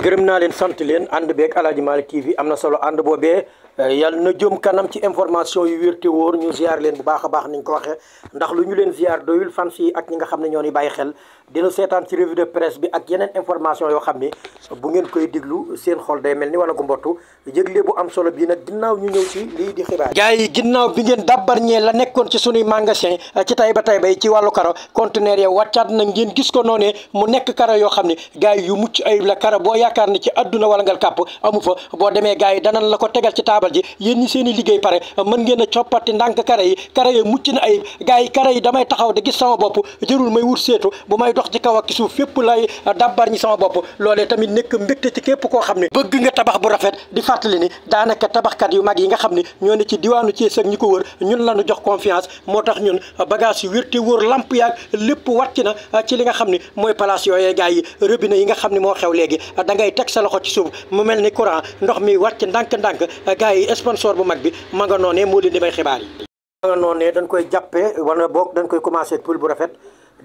gërëm naa leen sant leen ànd beeg Aladji Malick TV am na solo ànd boobee Euh, yàlla na jëm kanam ci information yu wér te wóor ñu ziar leen bu baax a baax niñ ko waxee ndax lu ñu leen ziar doyul fans yi ak ñi nga xam ne ñoo ni bàyyi xel dina seetaan ci revue de presse bi ak yeneen information yoo xam ni bu ngeen koy déglu seen xol day mel ni wala gu mbottu yëgle bu am solo bii nag ginnaaw ñu ñëw ci lii di xibaar gars yi ginnaaw bi ngeen dabbar ñee la nekkoon ci sunuy magasin euh, ci Taïba Taïba yi ci wàllu karo conteneur ya wàccaat na ngeen gis ko noonee mu nekk karo yoo xam ne gars yu mucc ayib la karo boo yaakaar ne ci adduna wala ngal kàpp taabal ji yéen ñi seen i a coppati ndànk kare yi kare yi mucc na ayib gars yi kare yi damay taxaw di gis sama bopp jërul may wut seetu bu may dox ci kaw ak suuf fépp lay dabbar ñi sama yu mag yi nga xam ne ñoo ne ci diwaanu Thiès ak ñi ko wër ñun lañu jox confiance moo tax ñun bagage yu wérte wóor lamp yaag lépp wàcc na ci li nga xam ne mooy place yooyee gars yi robinet yi nga xam ni moo xew léegi da ngay teg sa loxo ci suuf mu mel ni courant ndox mi wàcc ndànk-ndànk gars yi sponsor bu mag bi ma nga noonee moo leen di may xibaar yi. ma nga noonee dañ koy jàppee wala boog dañ koy commencé poule bu rafet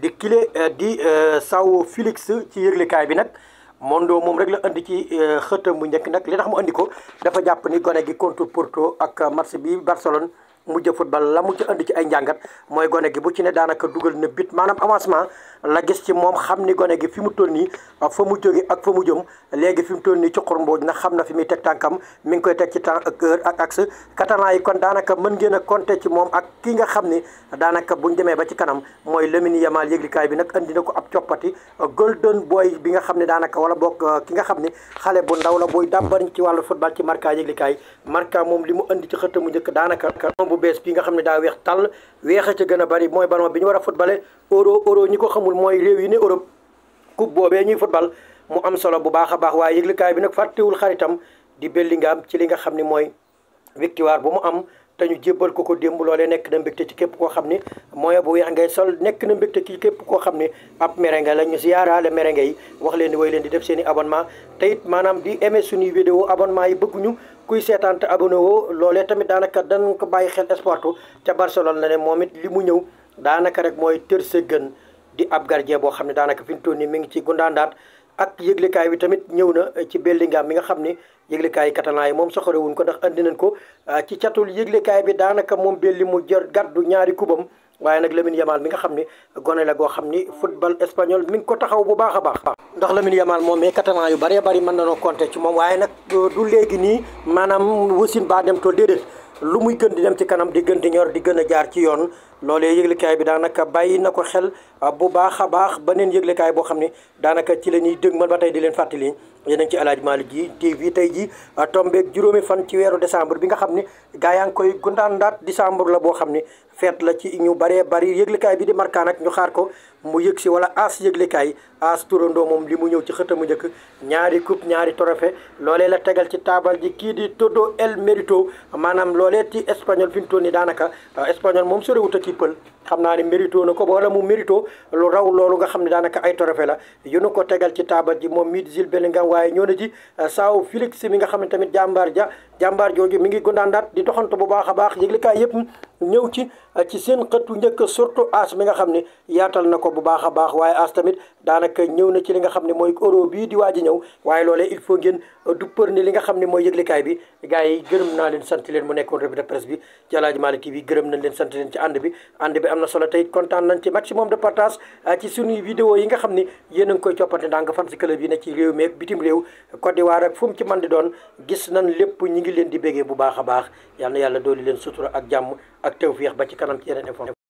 di kile euh, di euh, saw Félix ci yëglekaay bi nag. Mondo moom rek la indi ci euh, xëtam bu njëkk nag li tax mu indi ko dafa jàpp ni gone gi contre Porto ak match bi Barcelone mujj football la mu indi ci ay njàngat mooy gone gi bu ci ne daanaka dugal na bit maanaam avancement la gis ci moom xam ni gone gi fi mu toll nii fa mu jóge ak fa mu jëm léegi fi mu toll nii Cuqur Mbooj na xam na fi muy teg tànkam mi ngi koy teg ci temps ak kon daanaka mën ngeen a compter ci moom ak ki nga xam ni daanaka buñ demee ba ci kanam mooy Lamine Yamal yëglikaay bi nag indi na ko ab coppati golden boy bi nga xam ne daanaka wala boog euh, ki nga xam ne xale bu ndaw la booy dàmbariñ ci wàllu football ci marka yëglikaay marka moom li mu andi ci xëtt mu njëkk daanaka moom bu bees bi nga xam ne daa weex tàll weex a ca gën a bari mooy ballon bi a footballé euro mooy réew yi ne Europe ku boobee ñuy football mu am solo bu baax a baax waaye yëglikaay bi nag fàttewul xaritam di Bellingham ci li nga xam ni mooy victoire bu mu am te ñu jébbal ko ko démb loolee nekk na mbégte ci képp koo xam ni mooy bu weex ngay sol nekk na mbégte ci képp koo xam ni ab merengue la ñu siyaaraale merengue yi wax leen ni way leen di def seen i abonnement te it maanaam di aimé suñuy vidéo abonnement yi bëgguñu kuy seetaan te abonné woo loolee tamit daanaka dañ ko bàyyi xel Sportu ca Barcelone la ne moom it li mu ñëw daanaka rek mooy tër sa gën di ab gardien boo xam ne daanaka fi mu toll nii mi ngi ci gundaandaat ak yëglekaay bi tamit ñëw na ci Bellingham mi nga xam ne yëglekaay yi catalan yi moom soxorewuñ ko ndax andi nañ ko ah, ci catul yëglekaay bi daanaka moom belli mu jër gàddu ñaari kubam waaye nag Lamine yamaal mi nga xam ne gone la goo xam ni football espagnol mi ngi ko taxaw bu baax a baax ndax Lamine Yamal moom mais catalan yu bëree bëri mën nañoo compter ci moom waaye nag euh, du léegi nii maanaam wasin baa dem tool déedéet lu muy gën di dem ci kanam di gën di ñor di gën a jaar ci yoon loolee yëglekaay bi daanaka bàyyi na ko xel ah, bu baax a baax beneen yëglekaay boo xam ne daanaka ci la ñuy dëgmal ba tey di leen fàttali yéen ci Aladji Malick ji TV tey jii ah, tombeeg juróomi fan ci weeru décembre bi nga xam ne gaa yaa ngi koy gundaandaat décembre la boo xam ne feet la ci ñu baree bari yëglekaay bi di markaan nag ñu xaar ko mu yëg si wala as yëglekaay as turandoo moom li mu ñëw ci mu njëkk ñaari coupe ñaari trophée loole la tegal ci taabal ji kii di Todo El Merito maanaam loolee ci espagnol fi mu toll nii daanaka ah, espagnol moom soriwut juppal xam naa ne mérito na ko wala mu mérito lu raw loolu nga xam ne daanaka ay trophée la yu nu tegal ci taabal ji moom mii Jules Bellingham waaye ñoo na ji euh, Sao Félix mi nga xam ne tamit jàmbaar ja jàmbaar jooju mi ngi gondaandaat di doxantu bu baax a baax yëglikaay yëpp ñëw ci ci seen xëtu njëkk surtout as mi nga xam ne yaatal na ko bu baax a baax waaye as tamit daanaka ñëw na ci li nga xam ne mooy euro bii di waaj ñëw waaye loole il faut ngeen euh, du për ni li nga xam ne mooy kaay bi gars yi gërëm naa leen sant leen mu nekkoon revue de presse bi ci Aladji Malick TV gërëm leen ci ànd bi ànd bi am na solo tey kontaan nañ ci maximum de partage euh, ci suñuy vidéo yi nga xam ni yéen a ngi koy coppante ndaa nga fan si club yi ne ci réew mi ak bitim réew Côte d'Ivoire ak fu mu man di doon gis nañ lépp ñi ngi leen di béggee bu baax a baax yal yàlla dooli leen sutura ak jàmm ak tawféex ba ci kanam ci yeneen information